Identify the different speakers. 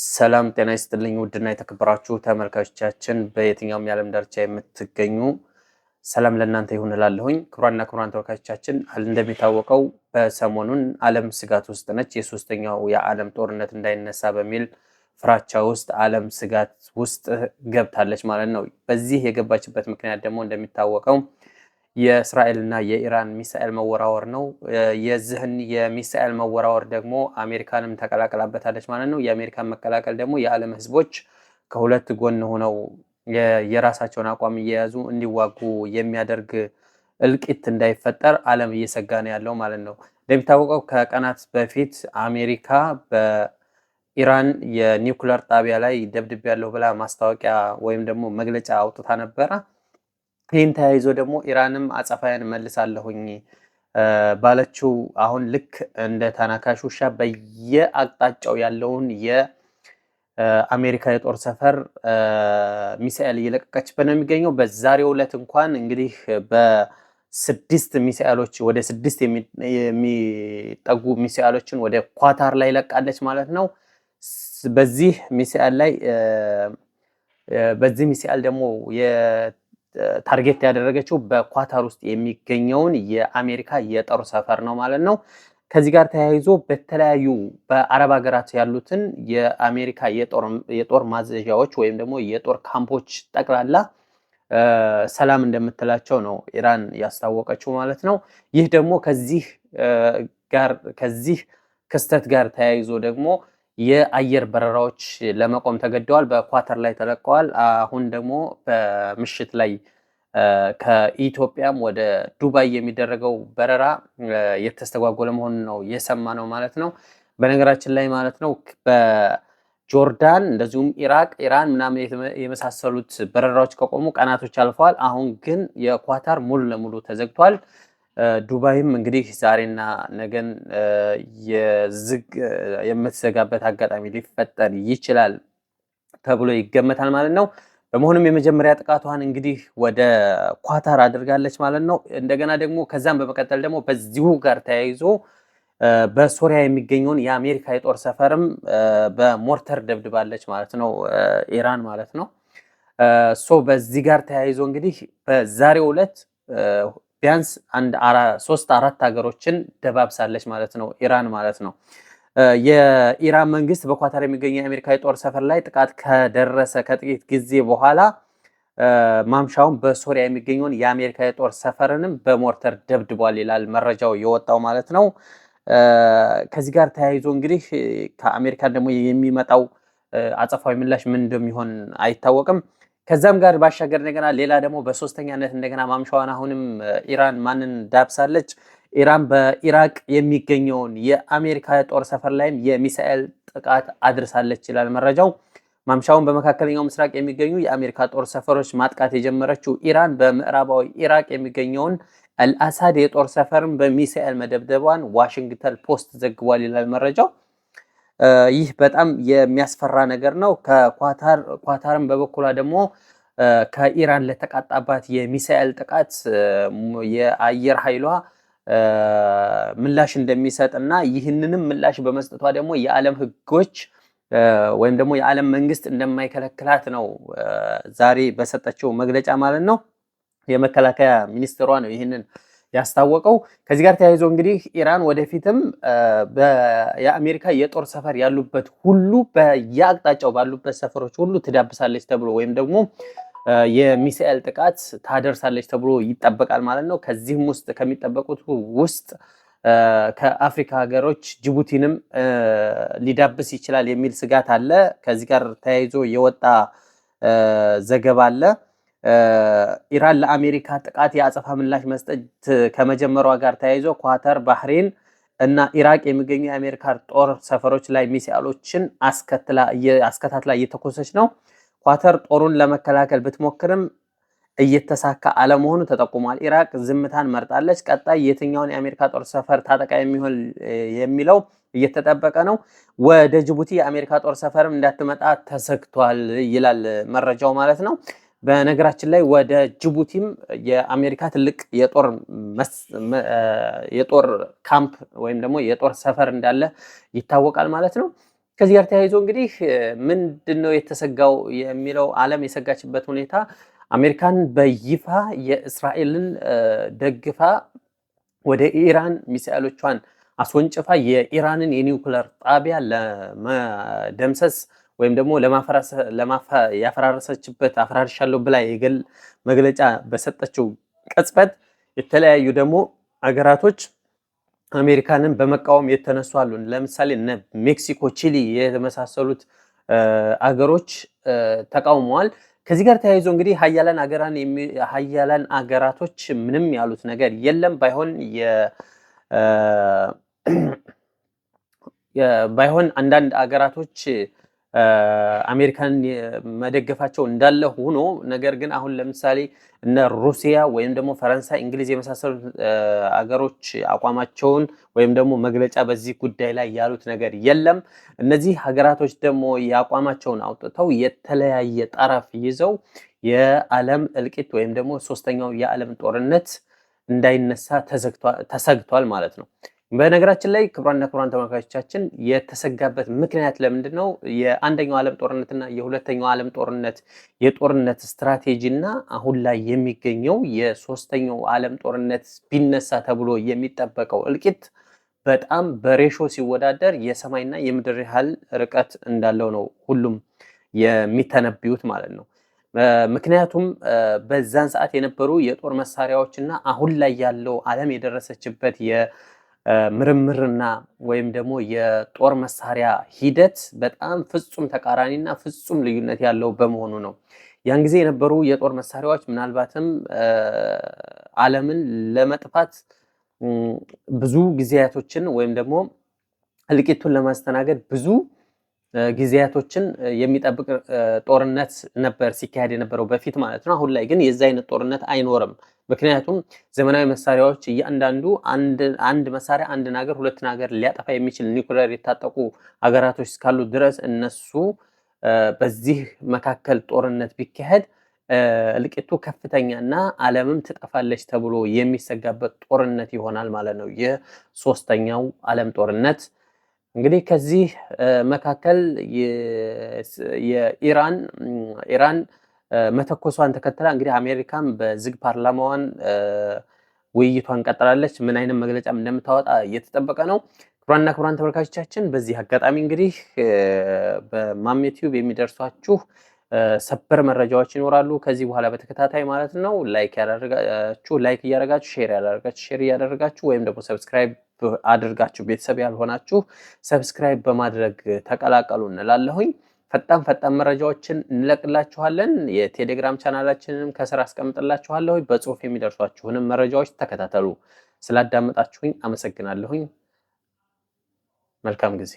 Speaker 1: ሰላም ጤና ይስጥልኝ ውድና የተከበራችሁ ተመልካቾቻችን በየትኛውም የዓለም ዳርቻ የምትገኙ ሰላም ለእናንተ ይሁን እላለሁኝ። ክቡራንና ክቡራን ተመልካቾቻችን እንደሚታወቀው በሰሞኑን ዓለም ስጋት ውስጥ ነች። የሶስተኛው የዓለም ጦርነት እንዳይነሳ በሚል ፍራቻ ውስጥ ዓለም ስጋት ውስጥ ገብታለች ማለት ነው። በዚህ የገባችበት ምክንያት ደግሞ እንደሚታወቀው የእስራኤልና የኢራን ሚሳኤል መወራወር ነው። የዚህን የሚሳኤል መወራወር ደግሞ አሜሪካንም ተቀላቀላበታለች ማለት ነው። የአሜሪካን መቀላቀል ደግሞ የዓለም ህዝቦች ከሁለት ጎን ሆነው የራሳቸውን አቋም እየያዙ እንዲዋጉ የሚያደርግ እልቂት እንዳይፈጠር ዓለም እየሰጋ ነው ያለው ማለት ነው። እንደሚታወቀው ከቀናት በፊት አሜሪካ በኢራን የኒውክለር ጣቢያ ላይ ደብድቤ ያለሁ ብላ ማስታወቂያ ወይም ደግሞ መግለጫ አውጥታ ነበረ። ይህን ተያይዞ ደግሞ ኢራንም አጸፋያን መልሳለሁኝ ባለችው አሁን ልክ እንደ ታናካሽ ውሻ በየአቅጣጫው ያለውን የአሜሪካ የጦር ሰፈር ሚሳኤል እየለቀቀችበት ነው የሚገኘው። በዛሬው ዕለት እንኳን እንግዲህ በስድስት ሚሳኤሎች ወደ ስድስት የሚጠጉ ሚሳኤሎችን ወደ ኳታር ላይ ለቃለች ማለት ነው። በዚህ ሚሳኤል ላይ በዚህ ሚሳኤል ደግሞ ታርጌት ያደረገችው በኳታር ውስጥ የሚገኘውን የአሜሪካ የጦር ሰፈር ነው ማለት ነው። ከዚህ ጋር ተያይዞ በተለያዩ በአረብ ሀገራት ያሉትን የአሜሪካ የጦር ማዘዣዎች ወይም ደግሞ የጦር ካምፖች ጠቅላላ ሰላም እንደምትላቸው ነው ኢራን ያስታወቀችው ማለት ነው። ይህ ደግሞ ከዚህ ጋር ከዚህ ክስተት ጋር ተያይዞ ደግሞ የአየር በረራዎች ለመቆም ተገደዋል። በኳተር ላይ ተለቀዋል። አሁን ደግሞ በምሽት ላይ ከኢትዮጵያም ወደ ዱባይ የሚደረገው በረራ የተስተጓጎለ መሆኑን ነው የሰማ ነው ማለት ነው። በነገራችን ላይ ማለት ነው በጆርዳን እንደዚሁም ኢራቅ፣ ኢራን ምናምን የመሳሰሉት በረራዎች ከቆሙ ቀናቶች አልፈዋል። አሁን ግን የኳታር ሙሉ ለሙሉ ተዘግቷል። ዱባይም እንግዲህ ዛሬና ነገን የዝግ የምትዘጋበት አጋጣሚ ሊፈጠር ይችላል ተብሎ ይገመታል ማለት ነው። በመሆኑም የመጀመሪያ ጥቃቷን እንግዲህ ወደ ኳታር አድርጋለች ማለት ነው። እንደገና ደግሞ ከዛም በመቀጠል ደግሞ በዚሁ ጋር ተያይዞ በሶሪያ የሚገኘውን የአሜሪካ የጦር ሰፈርም በሞርተር ደብድባለች ማለት ነው፣ ኢራን ማለት ነው። ሶ በዚህ ጋር ተያይዞ እንግዲህ በዛሬው ዕለት ቢያንስ አንድ ሶስት አራት ሀገሮችን ደባብሳለች ማለት ነው ኢራን ማለት ነው። የኢራን መንግስት በኳታር የሚገኘ የአሜሪካ የጦር ሰፈር ላይ ጥቃት ከደረሰ ከጥቂት ጊዜ በኋላ ማምሻውን በሶሪያ የሚገኘውን የአሜሪካ የጦር ሰፈርንም በሞርተር ደብድቧል ይላል መረጃው የወጣው ማለት ነው። ከዚህ ጋር ተያይዞ እንግዲህ ከአሜሪካን ደግሞ የሚመጣው አጸፋዊ ምላሽ ምን እንደሚሆን አይታወቅም። ከዛም ጋር ባሻገር እንደገና ሌላ ደግሞ በሶስተኛነት እንደገና ማምሻዋን አሁንም ኢራን ማንን ዳብሳለች? ኢራን በኢራቅ የሚገኘውን የአሜሪካ ጦር ሰፈር ላይም የሚሳኤል ጥቃት አድርሳለች ይላል መረጃው። ማምሻውን በመካከለኛው ምስራቅ የሚገኙ የአሜሪካ ጦር ሰፈሮች ማጥቃት የጀመረችው ኢራን በምዕራባዊ ኢራቅ የሚገኘውን አልአሳድ የጦር ሰፈርን በሚሳኤል መደብደቧን ዋሽንግተን ፖስት ዘግቧል ይላል መረጃው። ይህ በጣም የሚያስፈራ ነገር ነው። ከኳታር በበኩሏ ደግሞ ከኢራን ለተቃጣባት የሚሳኤል ጥቃት የአየር ኃይሏ ምላሽ እንደሚሰጥ እና ይህንንም ምላሽ በመስጠቷ ደግሞ የዓለም ሕጎች ወይም ደግሞ የዓለም መንግስት እንደማይከለክላት ነው ዛሬ በሰጠችው መግለጫ ማለት ነው። የመከላከያ ሚኒስትሯ ነው ይህንን ያስታወቀው። ከዚህ ጋር ተያይዞ እንግዲህ ኢራን ወደፊትም የአሜሪካ የጦር ሰፈር ያሉበት ሁሉ በየአቅጣጫው ባሉበት ሰፈሮች ሁሉ ትዳብሳለች ተብሎ ወይም ደግሞ የሚሳኤል ጥቃት ታደርሳለች ተብሎ ይጠበቃል ማለት ነው። ከዚህም ውስጥ ከሚጠበቁት ውስጥ ከአፍሪካ ሀገሮች ጅቡቲንም ሊዳብስ ይችላል የሚል ስጋት አለ። ከዚህ ጋር ተያይዞ የወጣ ዘገባ አለ። ኢራን ለአሜሪካ ጥቃት የአጸፋ ምላሽ መስጠት ከመጀመሯ ጋር ተያይዞ ኳተር፣ ባህሬን እና ኢራቅ የሚገኙ የአሜሪካ ጦር ሰፈሮች ላይ ሚሳኤሎችን አስከታትላ እየተኮሰች ነው። ኳተር ጦሩን ለመከላከል ብትሞክርም እየተሳካ አለመሆኑ ተጠቁሟል። ኢራቅ ዝምታን መርጣለች። ቀጣይ የትኛውን የአሜሪካ ጦር ሰፈር ታጠቃ የሚሆን የሚለው እየተጠበቀ ነው። ወደ ጅቡቲ የአሜሪካ ጦር ሰፈርም እንዳትመጣ ተሰግቷል ይላል መረጃው ማለት ነው። በነገራችን ላይ ወደ ጅቡቲም የአሜሪካ ትልቅ የጦር ካምፕ ወይም ደግሞ የጦር ሰፈር እንዳለ ይታወቃል ማለት ነው። ከዚህ ጋር ተያይዞ እንግዲህ ምንድን ነው የተሰጋው የሚለው ዓለም የሰጋችበት ሁኔታ አሜሪካን በይፋ የእስራኤልን ደግፋ ወደ ኢራን ሚሳኤሎቿን አስወንጭፋ የኢራንን የኒውክለር ጣቢያ ለመደምሰስ ወይም ደግሞ ያፈራረሰችበት አፈራርሻለሁ ብላ መግለጫ በሰጠችው ቅጽበት የተለያዩ ደግሞ አገራቶች አሜሪካንን በመቃወም የተነሱ አሉ። ለምሳሌ እነ ሜክሲኮ፣ ቺሊ የተመሳሰሉት አገሮች ተቃውመዋል። ከዚህ ጋር ተያይዞ እንግዲህ ሀያላን አገራቶች ምንም ያሉት ነገር የለም። ባይሆን ባይሆን አንዳንድ አገራቶች አሜሪካን መደገፋቸው እንዳለ ሆኖ ነገር ግን አሁን ለምሳሌ እነ ሩሲያ ወይም ደግሞ ፈረንሳይ፣ እንግሊዝ የመሳሰሉት አገሮች አቋማቸውን ወይም ደግሞ መግለጫ በዚህ ጉዳይ ላይ ያሉት ነገር የለም። እነዚህ ሀገራቶች ደግሞ የአቋማቸውን አውጥተው የተለያየ ጠረፍ ይዘው የዓለም እልቂት ወይም ደግሞ ሶስተኛው የዓለም ጦርነት እንዳይነሳ ተሰግቷል ማለት ነው። በነገራችን ላይ ክቡራንና ክቡራን ተመልካቾቻችን የተሰጋበት ምክንያት ለምንድን ነው? የአንደኛው ዓለም ጦርነትና የሁለተኛው ዓለም ጦርነት የጦርነት ስትራቴጂ እና አሁን ላይ የሚገኘው የሶስተኛው ዓለም ጦርነት ቢነሳ ተብሎ የሚጠበቀው እልቂት በጣም በሬሾ ሲወዳደር የሰማይና የምድር ያህል ርቀት እንዳለው ነው ሁሉም የሚተነብዩት ማለት ነው። ምክንያቱም በዛን ሰዓት የነበሩ የጦር መሳሪያዎች እና አሁን ላይ ያለው ዓለም የደረሰችበት ምርምርና ወይም ደግሞ የጦር መሳሪያ ሂደት በጣም ፍጹም ተቃራኒና ፍጹም ልዩነት ያለው በመሆኑ ነው። ያን ጊዜ የነበሩ የጦር መሳሪያዎች ምናልባትም ዓለምን ለመጥፋት ብዙ ጊዜያቶችን ወይም ደግሞ እልቂቱን ለማስተናገድ ብዙ ጊዜያቶችን የሚጠብቅ ጦርነት ነበር ሲካሄድ የነበረው በፊት ማለት ነው። አሁን ላይ ግን የዚ አይነት ጦርነት አይኖርም። ምክንያቱም ዘመናዊ መሳሪያዎች እያንዳንዱ አንድ መሳሪያ አንድን ሀገር ሁለትን ሀገር ሊያጠፋ የሚችል ኒውክሌር የታጠቁ ሀገራቶች እስካሉ ድረስ እነሱ በዚህ መካከል ጦርነት ቢካሄድ እልቂቱ ከፍተኛና ዓለምም ትጠፋለች ተብሎ የሚሰጋበት ጦርነት ይሆናል ማለት ነው። ሶስተኛው ዓለም ጦርነት እንግዲህ ከዚህ መካከል የኢራን ኢራን መተኮሷን ተከትላ እንግዲህ አሜሪካም በዝግ ፓርላማዋን ውይይቷን ቀጥላለች። ምን አይነት መግለጫም እንደምታወጣ እየተጠበቀ ነው። ክቡራንና ክቡራን ተመልካቾቻችን በዚህ አጋጣሚ እንግዲህ በማሜቲዩብ የሚደርሷችሁ ሰበር መረጃዎች ይኖራሉ ከዚህ በኋላ በተከታታይ ማለት ነው። ላይክ ያደረጋችሁ ላይክ እያደረጋችሁ ሼር ያደረጋችሁ ሼር እያደረጋችሁ ወይም ደግሞ ሰብስክራይብ አድርጋችሁ ቤተሰብ ያልሆናችሁ ሰብስክራይብ በማድረግ ተቀላቀሉ እንላለሁኝ። ፈጣን ፈጣን መረጃዎችን እንለቅላችኋለን። የቴሌግራም ቻናላችንንም ከስራ አስቀምጥላችኋለሁ። በጽሁፍ የሚደርሷችሁንም መረጃዎች ተከታተሉ። ስላዳመጣችሁኝ አመሰግናለሁኝ። መልካም ጊዜ